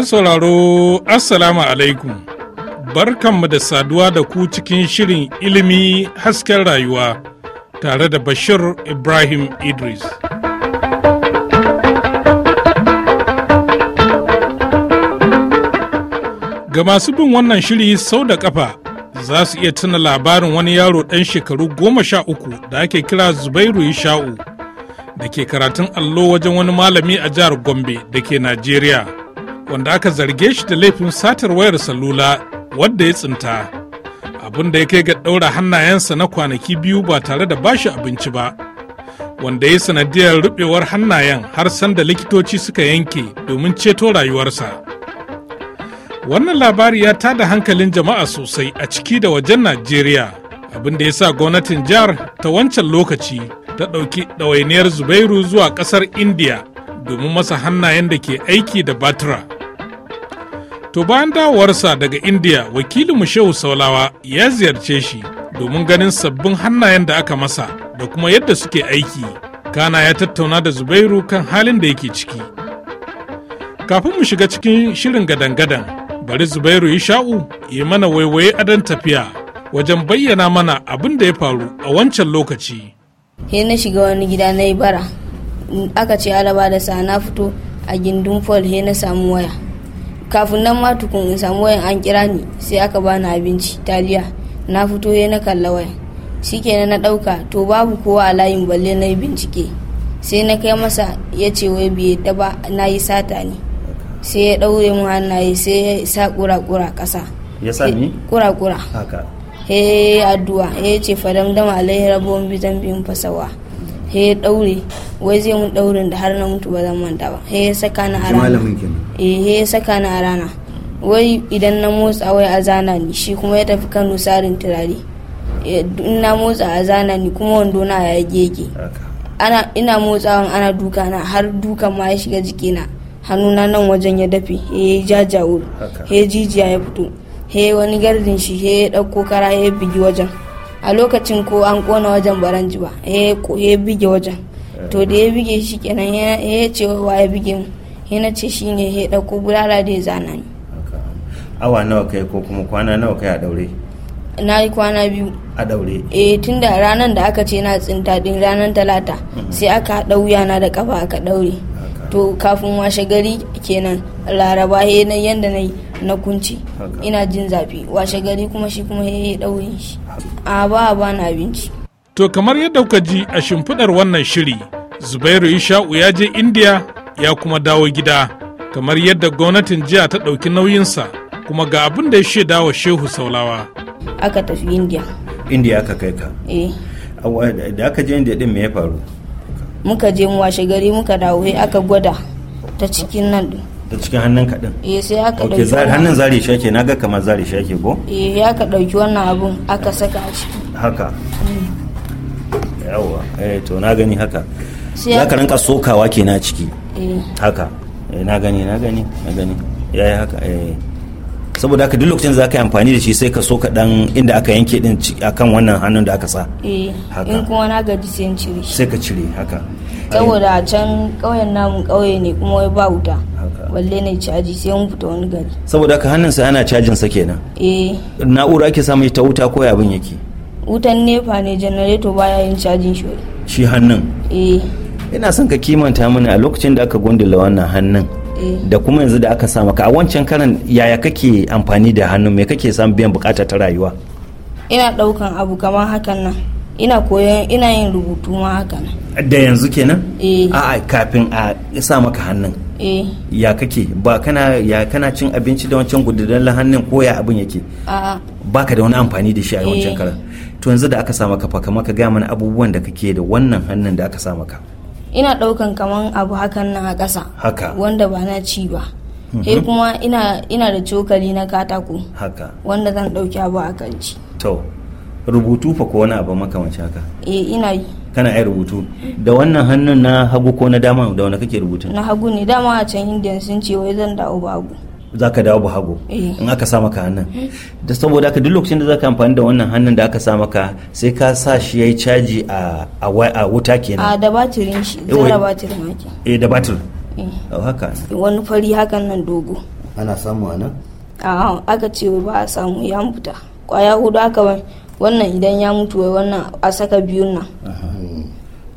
Masu sauraro Assalamu alaikum barkanmu da saduwa da ku cikin shirin ilimi hasken rayuwa tare da Bashir Ibrahim Idris. Ga masu bin wannan shiri sau da kafa za su iya tuna labarin wani yaro ɗan shekaru goma sha uku da ake kira Zubairu Isha'u da ke karatun allo wajen wani malami a jihar Gombe da ke Najeriya. wanda aka zarge shi da laifin satar wayar salula wadda ya tsinta abin da ya kai ga ɗaura hannayensa na kwanaki biyu ba tare da bashi abinci ba wanda ya sanadiyar rubewar hannayen har sanda likitoci suka yanke domin ceto rayuwarsa wannan labari ya da hankalin jama'a sosai a ciki da wajen najeriya abin da ya sa gwamnatin jihar ta wancan lokaci ta ɗauki ɗawainiyar zubairu zuwa ƙasar indiya domin masa hannayen da ke aiki da batura. To bayan dawowarsa daga India wakilin Shehu Saulawa ya ziyarce shi domin ganin sabbin hannayen da aka masa da kuma yadda suke aiki. Kana ya tattauna da Zubairu kan halin da yake ciki. Kafin mu shiga cikin shirin gadan-gadan, bari Zubairu yi sha'u ya mana waiwaye adon tafiya wajen bayyana mana abin da ya faru a wancan lokaci. He na shiga wani gida na yi bara, aka ce alaba da sa na fito a gindin fol he na samu waya. kafin nan ma tukun in samu wayan an kira ni sai aka bani abinci taliya na fito ya na kalla wayan shikenan na ɗauka to babu kowa a layin balle na bincike sai na kai masa ya ce wai biye ta ba na yi sata ne sai ya ɗaure mu hannaye sai ya sa kura-kura kasa ya sa ni kura-kura haka he addu'a ya ce fadam dama alaihi rabon bitan bin fasawa he ya daure wai zai mun daurin da har na mutu ba zan manta ba he ya saka na a rana eh he ya saka na a rana wai idan na motsa wai a zana ni shi kuma ya tafi Kano sarin turare eh, in na motsa a ni kuma wando na ya gege ana ina motsawan ana duka na har dukan ma ya shiga jikina hannuna nan wajen ya dafe ya yi jajawur jijiya ya fito he wani gardin shi he ya ɗauko kara ya bigi wajen a lokacin ko an kona wajen baranji ba eh, ya bige wajen to da ya bige shi kenan ya ce wa ya bige mu ya na ce shi ne ya ɗauko bulala da ya zana ni awa nawa kai ko kuma kwana nawa kai a daure na yi kwana biyu a daure eh tun da ranar da aka ce na tsinta din ranar talata mm-hmm. sai aka haɗa wuyana da kafa aka daure to kafin washe gari kenan laraba he na yanda na na kunci ina jin zafi washe gari kuma shi kuma he daurin shi a ba ba na abinci to kamar yadda kuka ji a shimfidar wannan shiri zubairu isha'u ya je india ya kuma dawo gida kamar yadda gwamnatin jiya ta ɗauki nauyinsa kuma ga abin da ya shaida wa shehu saulawa aka tafi india india aka kai ka eh da aka je india din me ya faru muka je mu washe gari muka dawo sai aka gwada ta cikin nan din ta cikin hannun ka din eh sai aka dauki okay hannun zare shi ake naga kamar zare shi ake ko eh ya ka dauki wannan abun aka saka a ciki haka mm. yawa eh to na gani haka za ka rinka sokawa kenan ciki eh haka eh, na gani na gani na gani yayi haka eh saboda haka duk lokacin za ka yi amfani da shi sai ka so ka dan inda aka yanke din akan wannan hannun da aka sa eh in kuma na gaji sai in cire sai ka cire haka saboda can ƙauyen namu ƙauye ne kuma wai ba wuta balle ne caji sai mun fita wani gari saboda haka hannun sa ana cajin sa kenan eh na'ura ake samun ta wuta ko abin yake wutan nefa ne janareto baya yin cajin shi shi hannun eh ina son ka kimanta mana a lokacin da aka gundula wannan hannun da kuma yanzu da aka sa maka a wancan karan yaya kake amfani da hannu me kake samun biyan bukata ta rayuwa ina daukan abu kamar hakan nan ina koyon ina yin rubutu ma hakan da yanzu kenan eh a kafin a sa maka hannun eh ya kake ba kana ya kana cin abinci da wancan gudunar hannun ko ya abin yake ba baka da wani amfani da shi a wancan eh. karan to yanzu da aka sa maka fa kamar ka ga mana abubuwan da kake da wannan hannun da aka sa maka ina ɗaukan kaman abu hakan nan a ƙasa wanda ba na ci ba sai mhm. eh, kuma ina da cokali na katako wanda zan ɗauki abu a kan ci to rubutu fa ko wani abu wace haka eh ina yi kana ai rubutu da wannan hannun na hagu ko na dama da wani kake rubutu na hagu ne dama a can indiya sun ce wai zan dawo babu. za ka dawo buhago eh. in aka sa maka hannun da saboda haka duk lokacin da za ka amfani da wannan hannun da aka sa maka sai ka sa shi ya yi caji a wuta kenan a da batirin shi zara eh, batirin maki. eh da batir eh. Oh, haka wani fari hakan nan dogo ana samu a nan a aka ce ba a samu ya mutu kwaya hudu aka wai wannan idan ya mutu wai wannan a saka biyun nan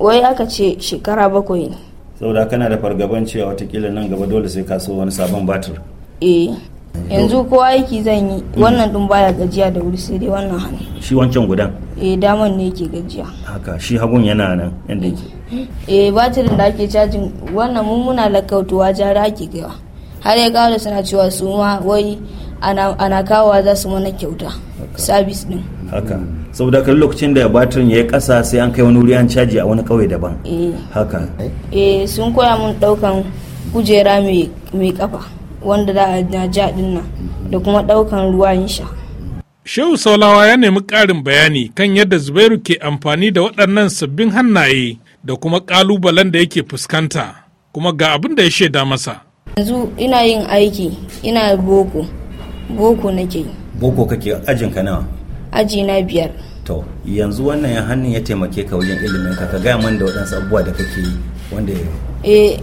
wai aka ce shekara bakwai ne saboda kana da fargaban cewa watakila nan gaba dole sai ka so wani sabon batir eh yanzu ko aiki zan yi mm. wannan din baya gajiya da wuri sai dai wannan hannu shi wancan gudan eh daman ne ke gajiya haka shi hagun yana nan yanda yake eh batirin da ake cajin wannan mun muna lakautuwa jara ake gaiwa har ya kawo da suna cewa su ma wai ana kawowa za su mana kyauta sabis din haka saboda kan lokacin da batirin ya yi kasa sai an kai wani wuri an caji a wani kauye daban eh. haka eh sun koya mun daukan kujera mai kafa wanda za a ja din da kuma ɗaukan ruwan sha. Shehu Saulawa ya nemi ƙarin bayani kan yadda Zubairu ke amfani da waɗannan sabbin hannaye da kuma ƙalubalen da yake fuskanta kuma ga abin da ya shaida masa. Yanzu ina yin aiki ina boko boko nake. Boko kake ajin ka nawa? Aji na biyar. to yanzu wannan ya hannun ya taimake ka wajen ilimin ka ka gaya man da waɗansu abubuwa da kake yi wanda ya eh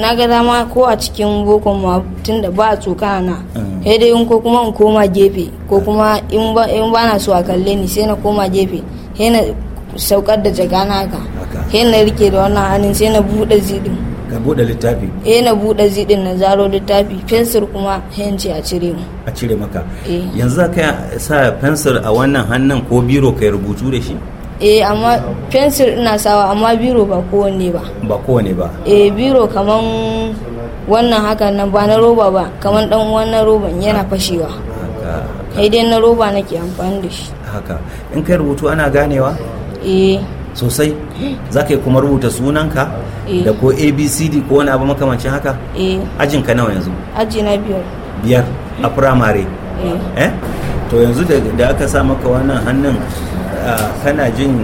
na ga dama ko a cikin bokon ma tun da ba a tsoka na mm. sai dai in ko kuma in koma gefe ko mm. kuma in ba na so a kalle ni sai na koma gefe sai na saukar da jagana ka sai na rike da wannan hannun sai na buɗe zidin ka bude littafi eh na bude zidin na zaro littafi fensir kuma hanci a cire mu a cire maka eh. yanzu ka sa fensir a wannan hannun ko biro kai rubutu da shi eh amma fensir ina sawa amma biro ba kowanne ba ba kowanne ba eh biro kaman wannan hakan nan ba na roba ba kaman dan wannan roban yana fashewa Kai dai na roba nake amfani da shi haka in kai rubutu ana ganewa eh sosai za ka yi kuma rubuta sunanka Eh. da ko abcd ko wani abu makamancin haka eh. ajin ka nawa yanzu aji na biyar biyar a firamare eh. eh to yanzu da aka sa maka wannan hannun kana jin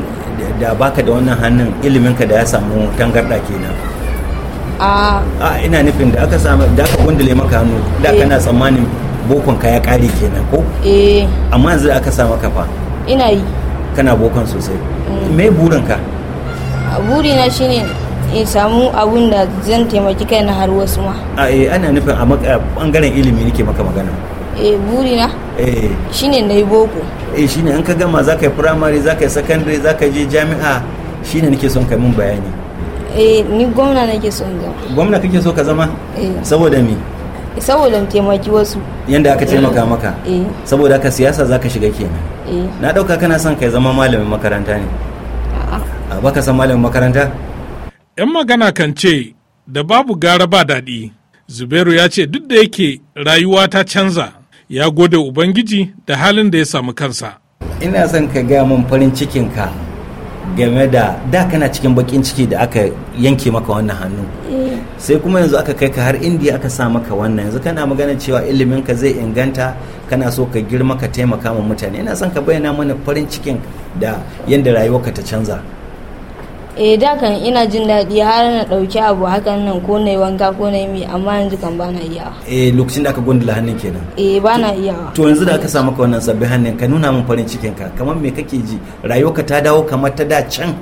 da baka da wannan hannun iliminka da ya samu tangarda kenan a ina nufin da aka samu da aka gundule maka hannu da kana tsammanin bokon ka ya kare kenan ko eh amma yanzu da aka sa maka fa ina yi kana bokon sosai mm. me burinka burina shine in samu abun da zan taimaki kai na har wasu ma a e, ana nufin a bangaren ilimi nake maka magana na? Eh, burina eh. Shi ne na yi boko e shi ne an ka gama za ka yi firamare za ka yi za ka je jami'a shi ne nake son kai mun bayani e ni gwamna nake son zama gwamna kake so ka zama e saboda e saboda mu taimaki wasu yanda aka taimaka maka e saboda aka siyasa za ka shiga kenan na dauka kana son kai zama malamin makaranta ne a baka san malamin makaranta 'Yan magana kan ce da babu gara ba daɗi. Zubairu ya ce duk da yake rayuwa ta canza ya gode Ubangiji da halin da ya samu kansa. Ina son ka gaya min farin cikinka game da da kana cikin bakin ciki da aka yanke maka wannan hannu. Eh. Sai kuma yanzu aka kai ka har indiya aka sa maka wannan yanzu kana magana cewa iliminka zai inganta kana so ka girma ka taimaka ma mutane. Ina son ka bayyana mana farin cikin da yadda rayuwarka ta canza. e da kan ina jin daɗi har na ɗauki abu hakan nan ko na wanka ko na mi amma yanzu kan bana iyawa e eh, lokacin da aka gundula hannun kenan eh bana iyawa to yanzu da aka samu ka wannan sabbin hannun ka nuna min farin cikin ka kamar me kake ji rayuwarka ta dawo kamar ta da can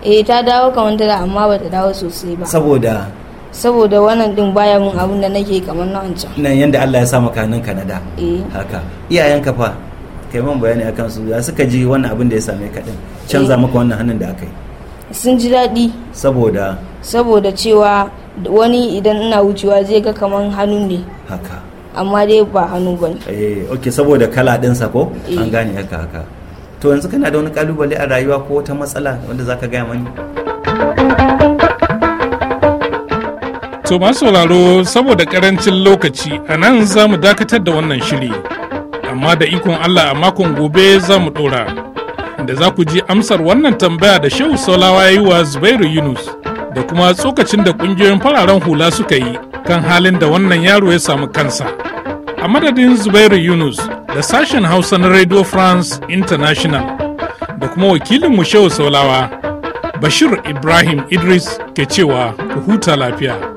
e ta dawo kamar ta da amma bata dawo sosai ba saboda saboda wannan din baya mun abin da nake kamar na wancan nan yanda Allah ya sa maka hannun ka na da eh haka iyayenka fa kai man bayani akan su ya suka ji wannan abin da ya same ka din canza maka wannan hannun da aka yi sun ji daɗi saboda saboda cewa wani idan ina wucewa zai ga kaman hannu ne haka amma dai ba hannu ba ne eh ok saboda kala ɗinsa ko eh. an gane haka haka to yanzu kana da wani kalubale a rayuwa ko wata matsala wanda zaka gaya mani To masu sauraro saboda karancin lokaci a nan za mu dakatar da wannan shiri, amma da ikon Allah a makon gobe za mu ɗora. da za ku ji amsar wannan tambaya da shehu saulawa ya yi wa zubairu yunus da kuma tsokacin da kungiyoyin fararen hula suka yi kan halin da wannan yaro ya samu kansa a madadin zubairu yunus da sashen hausa na radio france international da kuma wakilinmu shehu saulawa bashir ibrahim idris ke cewa ku huta lafiya